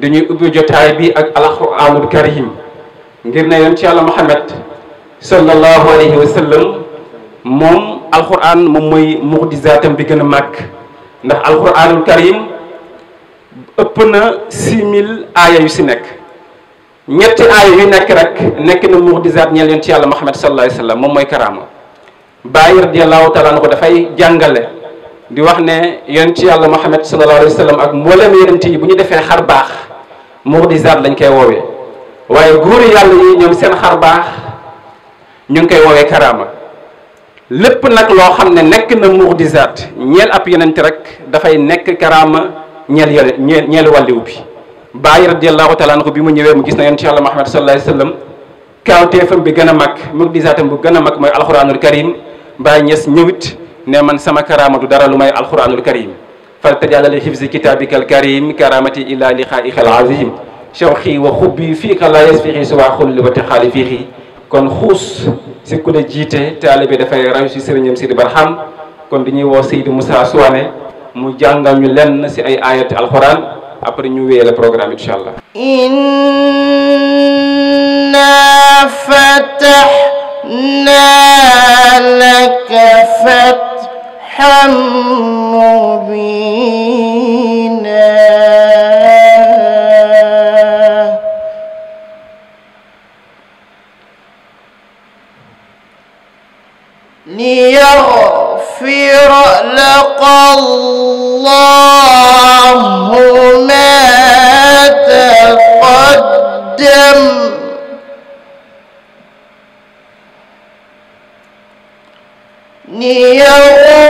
dañuy ubbi jotaay bi ak alxuraanul karim ngir ne yoon ci yàlla Muhammad sallallahu alayhi wa sallam moom alxuraan moom mooy muxdisaatam bi gën a màgg ndax alxuraanul karim ëpp na six mille aaya yu si nekk ñetti aaya yu nekk rek nekk na muxdisaat ñeel yoon ci yàlla Muhammad sallallahu alayhi wa moom mooy karaama bàyyi radiallahu taala ko dafay jàngale di wax ne yonent ci yàlla Muhammad sallallahu alayhi wa sallam ak mboolem yonent bu ñu defee xar baax muxdisaat lañ koy woowee waaye góor yàlla yi ñoom seen xar baax ñu ngi koy woowee karaama lépp nag loo xam ne nekk na muxdisaat ñeel ab yonent rek dafay nekk karaama ñeel yone ñeel ñeel wàlliw bi bàyyi radiallahu taala ko bi mu ñëwee mu gis na yonent yàlla Muhammad sallallahu alayhi wa sallam kawteefam bi gën a mag muxdisaatam bu gën a mag mooy alxuraanul karim Baay Ñas ñëwit ne man sama karaama dara lu may alxuraanul karim فالتجا على حفظ كتابك الكريم كرامتي الى لقاء العظيم شوخي وخبي فيك الله يسفيه سوى خل وتخالفيه كون خوس سكو جيتي طالب دا فاي راي سي سيرنم سيدي برهام كون دي نيو سيد موسى سواني مو جانغال ني لن سي اي ايات القران ابر ني ويي البروغرام ان شاء الله ان فتحنا لك فتح فَتْحًا مُّبِينًا ليغفر لك الله ما تقدم ليغفر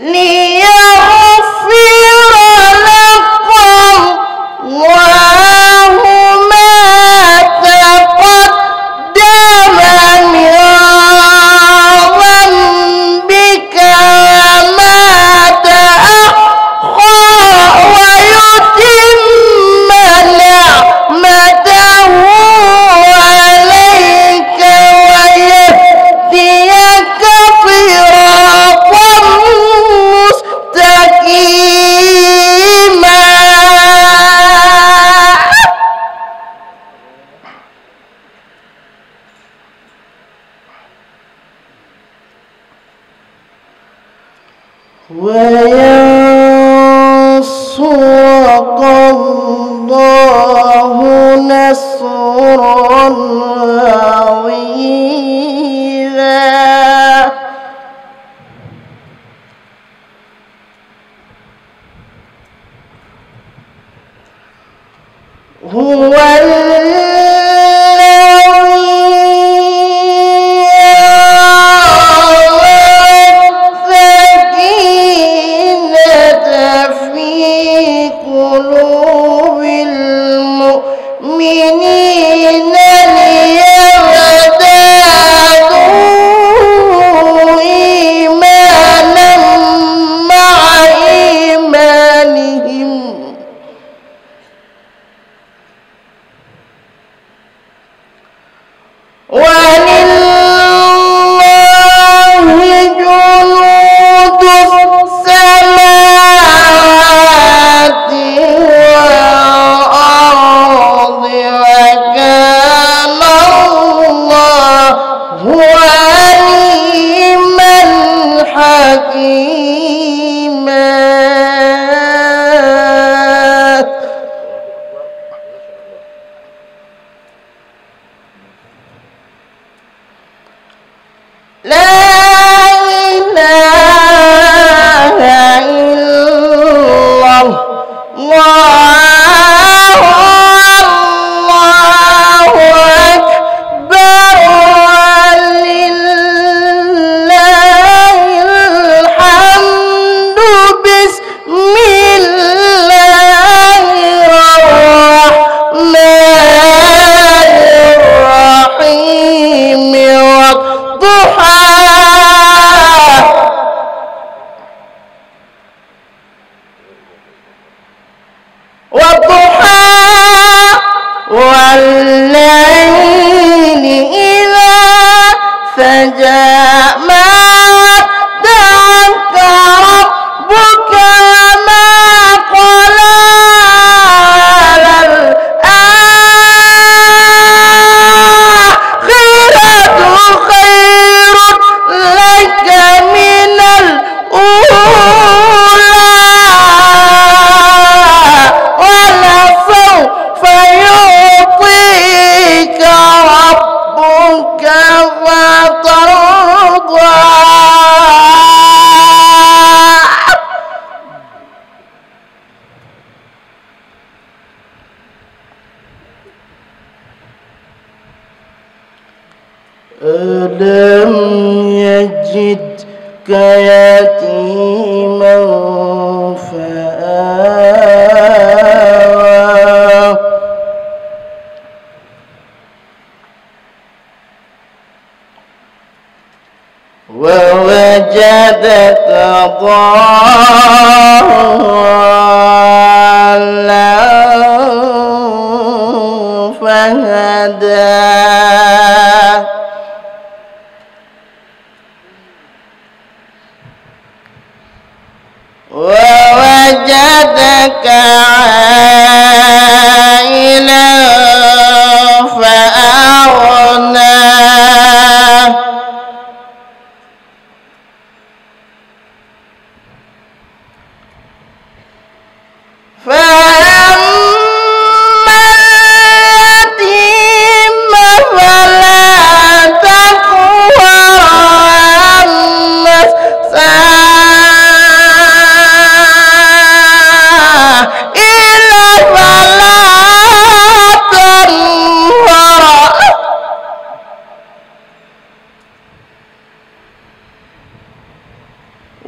Me. Well, لم يجدك يتيما فآوى ووجدك ضالا فهدى لك عاد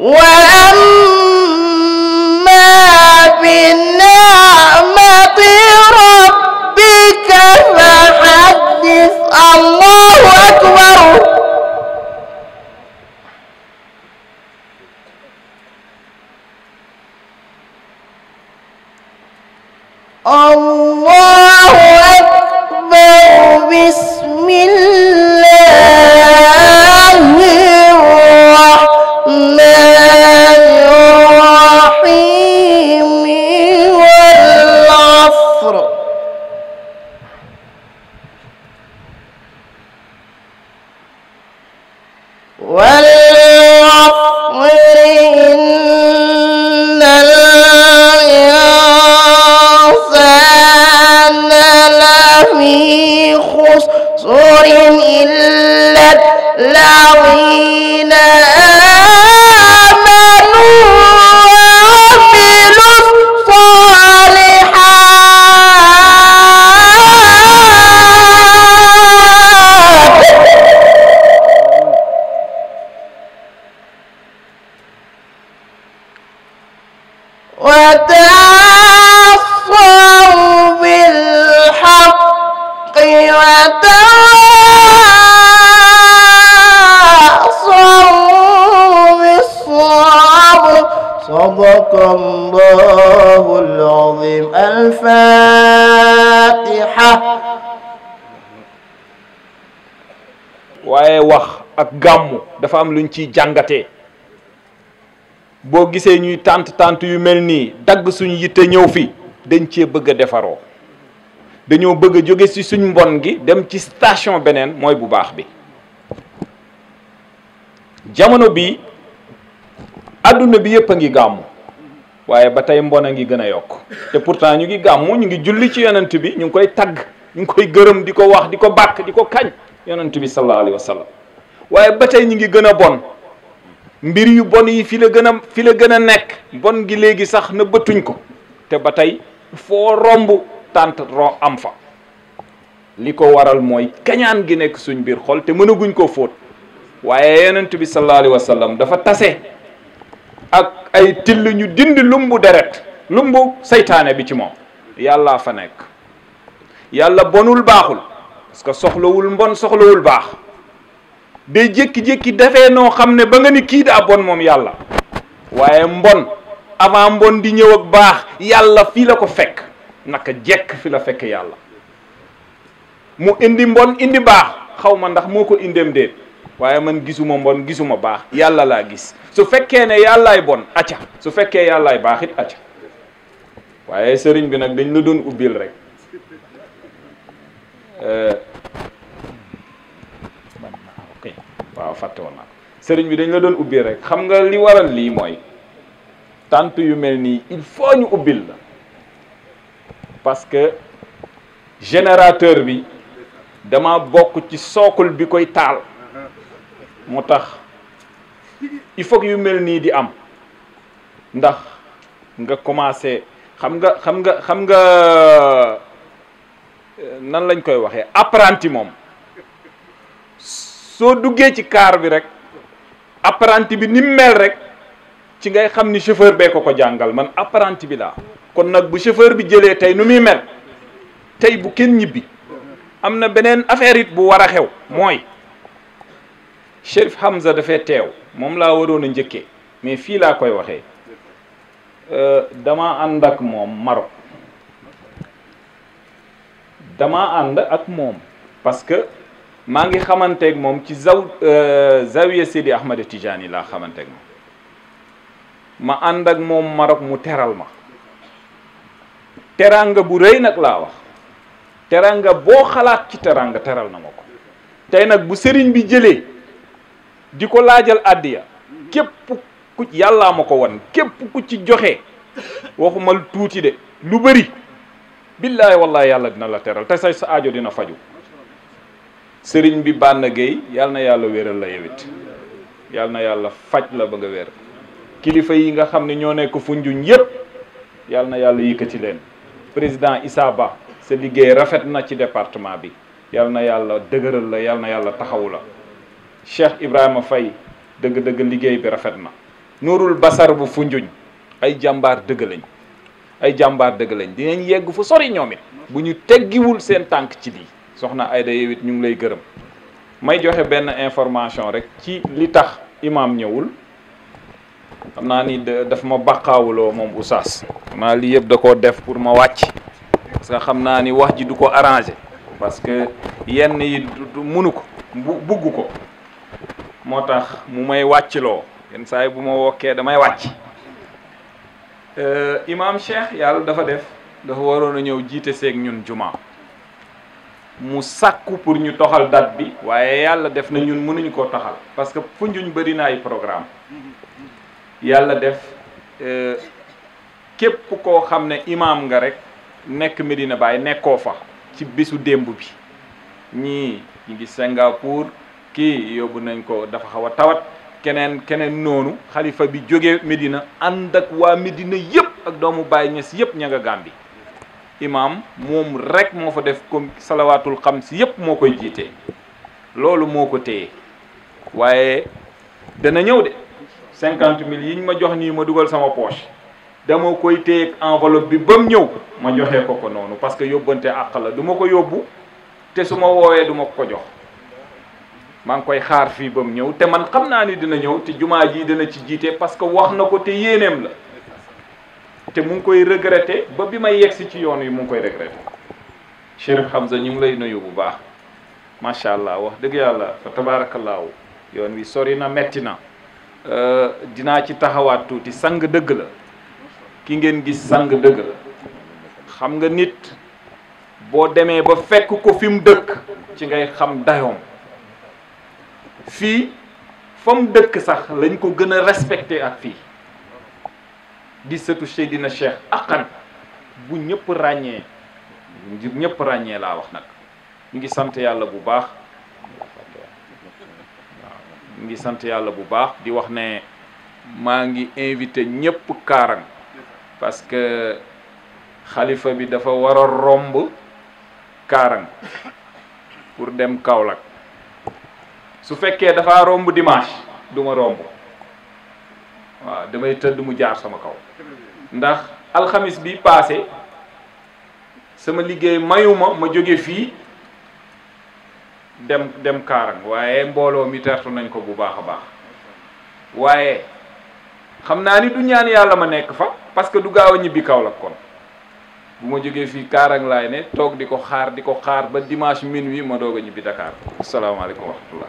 وأما بالنعمة ربك فحدث الله أكبر waaye wax ak gàmmu dafa am luñ ciy jàngatee boo gisee ñuy tant tant yu melni nii dagg suñ yitte ñëw fi dañ cee bëgg a defaroo dañoo bëgg a jóge ci suñ mbon gi dem ci station beneen mooy bu baax bi jamono bi àdduna bi yëpp a ngi gàmmu waaye ba tey mbon ngi gën a yokk pourtant ñu ngi ñu ngi julli ci yonent bi ñu koy ñu koy di wax di ko bàkk di kañ yonent bi sallallahu alayhi wa sallam waaye ba tey ñu ngi gën a bon mbir yu bon yi fi la gën a fi la gën a nekk bon gi léegi sax na bëttuñ ko te ba tey foo romb tànt ro am fa li ko waral mooy kañaan gi nekk suñ biir xol te mënaguñ koo fóot waaye yonent bi sallallahu alayhi wa sallam dafa tase ak ay till ñu dindi lumbu deret lumbu seytaane bi ci moom yàllaa fa nekk yàlla bonul baaxul parce que soxlawul mbon soxlawul bax day jekki jekki defé no xamné ne ba nga ni ki da bon mom yalla waye mbon avant mbon di ñew ak bax yalla kofek. la ko fekk naka jekk fi la fekk yalla mu indi mbon indi bax xawma ndax moko indem de waye man gisuma mbon gisuma bax yalla la gis su fekke ne ay bon acca su fekke yalla ay baxit acca waye serigne bi nak dañ la doon ubil rek waaw fàtte woon naa sëriñ bi dañ la doon ubbi rek xam nga li waral lii mooy tànt yu mel nii il faut ñu ubbil la parce que générateur bi dama bokk ci sookul bi koy taal moo tax il faut yu mel nii di am ndax nga commencé xam nga xam nga xam nga nan lañ koy waxee apprenti moom soo duggee ci kaar bi rek apprenti bi ni mu mel rek ci ngay xam ni chauffeur bee ko ko jàngal man apprenti bi laa kon nag bu chauffeur bi jëlee tey nu muy mel tey bu kenn ñibbi am na beneen affaire it bu war a xew mooy Chérif Hamza dafay teew moom laa waroon a njëkkee mais fii laa koy waxee euh, dama ànd ak moom Maroc dama ànd ak moom parce que maa ngi xamanteek moom ci zaw euh, zawiya Sidi Ahmed Tijani laa xamanteeg moom ma ànd ak moom Maroc mu teral ma teranga bu rëy nag laa wax teranga boo xalaat ci teranga teral na ma ko tey nag bu sëriñ bi jëlee di ko laajal àddiya képp ku yàllaa ma ko won képp ku ci joxe waxuma tuuti de lu bari billaay wallaay yalla dina la teral te say sa aajo dina faju serign bi ban géey yalna na yàlla wéral la yewit yalla na yalla faj la ba nga wér kilifa yi nga xamni ño nek nekk Foundiougne yépp na yalla yëkkati leen président isa Ba sa liggéey rafet na ci département bi yàlla na yalla la yàlla na taxawu la Cheikh Ibrahima fay liggéey bi rafet na nurul Basar bu funjun, ay jambar dëgg lañ ay jambar deug lañ dinañ yegg fu sori ñomit it bu ñu teggiwul seen tank ci li soxna Aida yow ñu ngi lay gërëm may joxe ben information rek ci li tax imam ñewul xamna ni daf ma baqawulo mom Oustaz ma li yeb def pour ma wacc parce que xamna ni wax ji du ko arrangé parce que yenn yi munu ko bu bugg mu may wàccloo yenn saa bu ma damay wacc Euh, imaam Cheikh yàlla dafa def dafa waroon a ñëw jiite seek ñun juma mu sàkku pour ñu toxal date bi waaye yàlla def na ñun mënuñu koo toxal parce que Foundiougne bëri na programme yàlla def euh, képp koo xam ne imaam nga rek nekk Medina Baye nekkoo fa ci bisu démb bi ñii ñu ngi Singapour kii yóbbu nañ ko dafa xaw a tawat kenen kenen nonu khalifa bi joge Medina andak wa Medina yep ak doomu baye ñes yep ña gambi imam mom rek mo fa def comme salawatul khams yep mo koy jité lolu moko wayé waaye dana ñew dé 50000 mille yi ñu ma jox ni ma duggal sama poche dama koy téye ak enveloppe bi bam ñew ma joxé ko ko noonu parce que yobante akala duma ko yobbu te suma wowe duma ko jox maa ngi koy xaar fii ba mu ñëw te man xam naa ni dina ñëw te jumaa ji dina ci jiite parce que wax na ko te yéeneem la te mu koy regretté ba bi may yegsi ci yoon wi mu ngi koy regretté Chérif Hamza ñu ngi lay nuyu bu baax macha allah wax dëgg yàlla fa tabaarakallaahu yoon wi sori na metti na euh, dinaa ci taxawaat tuuti sang dëgg la ki ngeen gis sang dëgg la xam nga nit boo demee ba fekk ko fi mu dëkk ci ngay xam dayoom fii fa mu dëkk sax lañ ko gën a respecté ak fii di sëtu Seydina Cheikh aqan bu ñëpp ràññee ngir ñëpp ràññee laa wax nag ñu ngi sant yàlla bu baax waaw ngi sant yàlla bu baax di wax ne maa ngi invité ñëpp Kaarang parce que xalifa bi dafa war a romb Kaarang pour dem Kaolack su fekkee dafa romb dimanche du ma romb waaw damay tëdd mu jaar sama kaw ndax alxamis bi paase sama liggéey mayuma ma jóge fii dem dem kaarang waaye mbooloo mi tertu nañ ko bu baax a baax waaye xam naa ni du ñaan yàlla ma nekk fa parce que du gaaw a ñibbi kaw la kon bu ma fi fii Kaarang ne tok di ko xaar di ko xaar ba dimanche minuit ma doga a ñibbi Dakar alaykum wa rahmatullah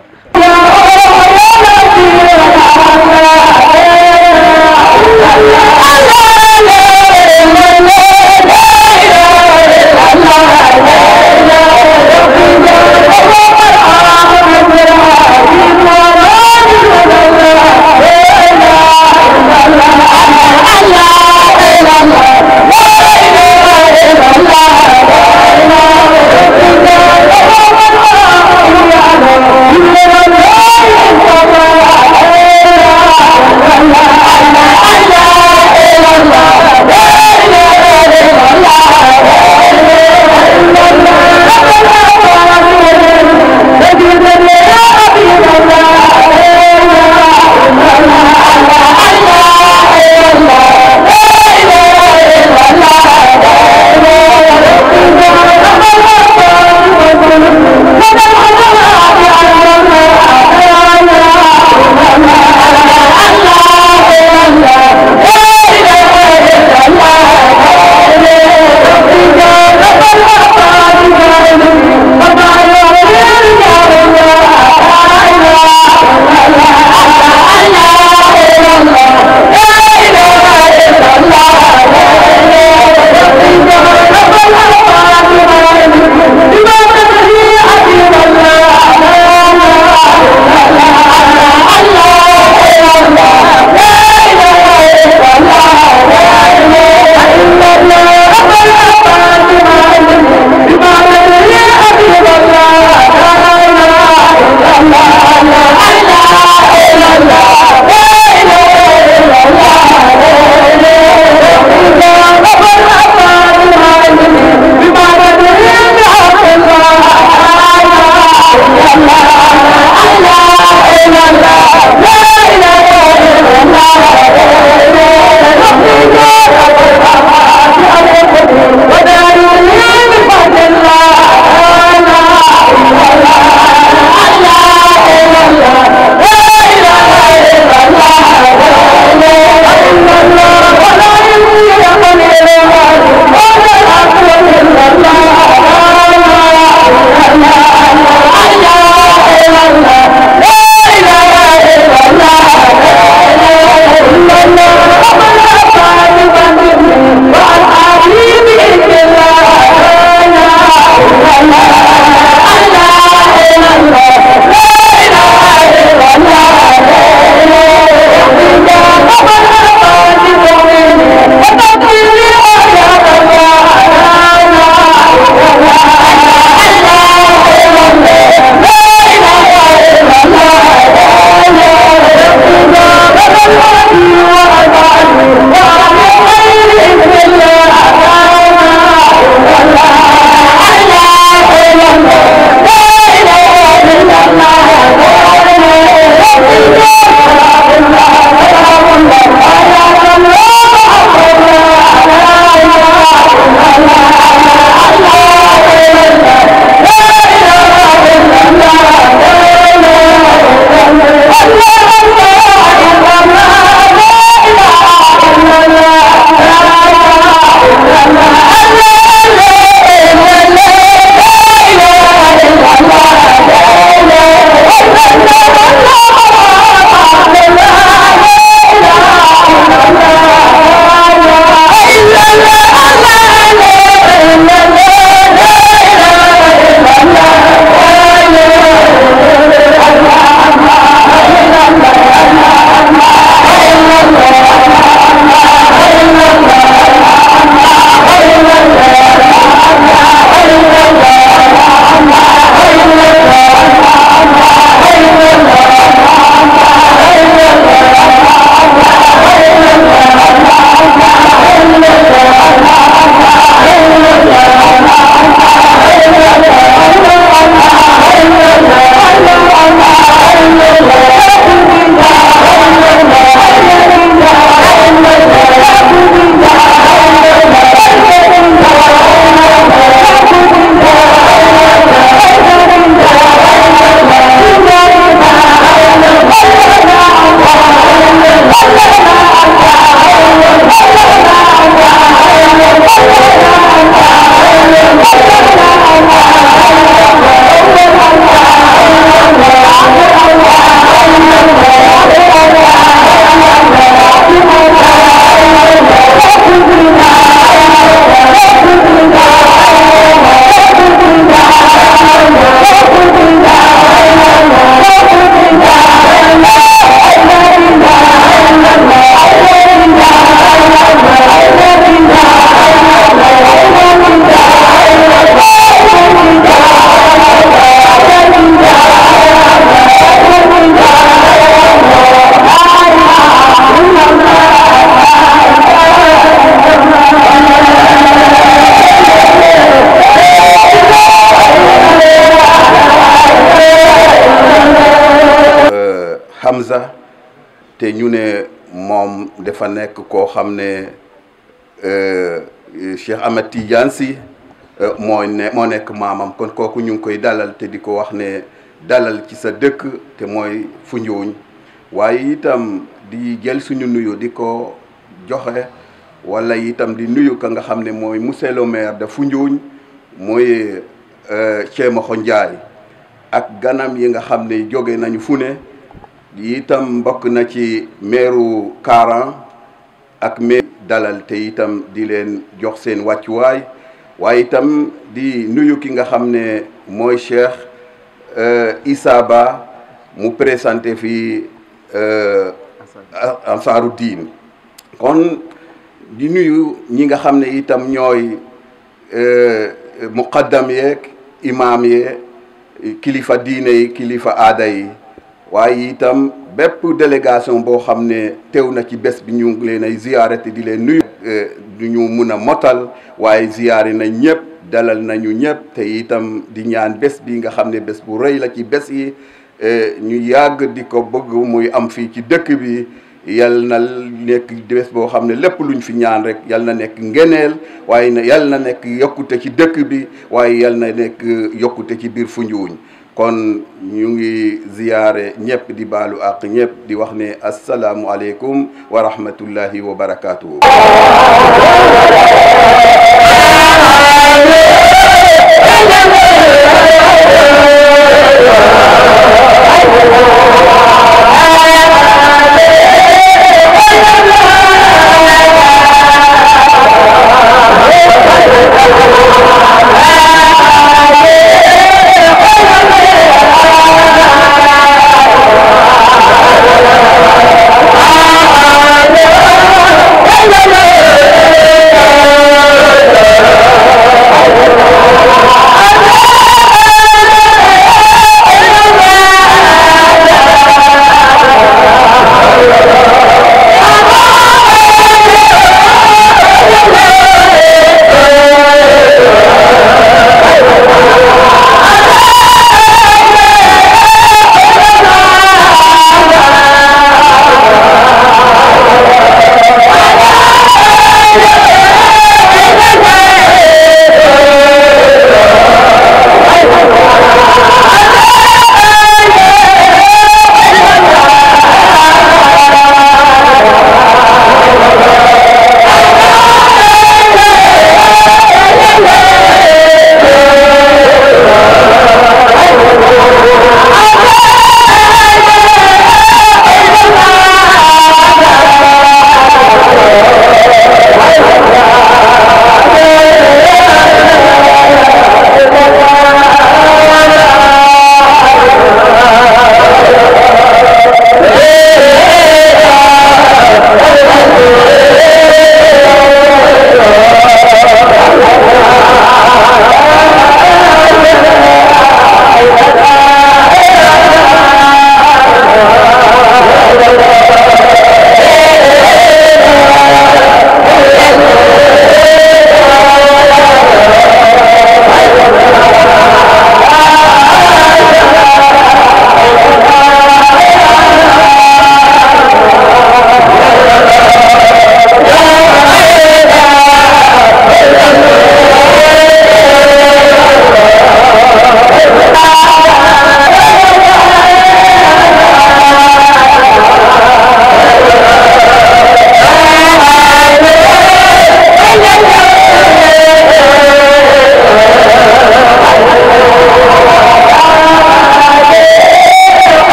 dafa nekk koo xam ne euh, Cheikh Ahmed Tidiane si euh, moo ne moo nekk maamam kon kooku ñu ngi koy dalal te di ko wax ne dalal ci sa dëkk te mooy Foundiougne waaye itam di jël suñu nuyu di ko joxe wala itam di nuyu ka nga xam ne mooy monsieur le maire de Foundiougne mooy euh, Thiémakho Ndiaye ak ganam yi nga xam ne jóge nañu fu ne itam bokk na ci meeru Karang ak meer dalal te itam di leen jox seen wàccuwaay waaye itam di nuyu ki nga xam ne mooy Cheikh euh, Issa Ba mu présenté fii euh, Ansaaru kon di nuyu ñi nga xam ne itam ñooy euh, muqaddam yeeg imaam yee kilifa diine yi kilifa aada yi waaye itam bépp délégation boo xam ne teew na ci bés bi ñu ngi leen ay ziyaare te di leen nuyu. Eh, du ñu mun a motal waaye ziyaare nañ ñëpp dalal nañu ñëpp te itam di ñaan bés bi nga xam ne bés bu rëy la ci bés yi eh, ñu yàgg di ko bëgg muy am fii ci dëkk bi. yal na nekk bés boo xam ne lépp luñ fi ñaan rek yal na nekk ngeneel waaye yal na nekk yokkute ci dëkk bi waaye yal na nekk yokkute ci biir fu Foundiougne kon ñu ngi ziaré ñëpp di balu ak ñëpp di wax ne assalamu alaykum wa rahmatullahi wa barakaatuhu آ آ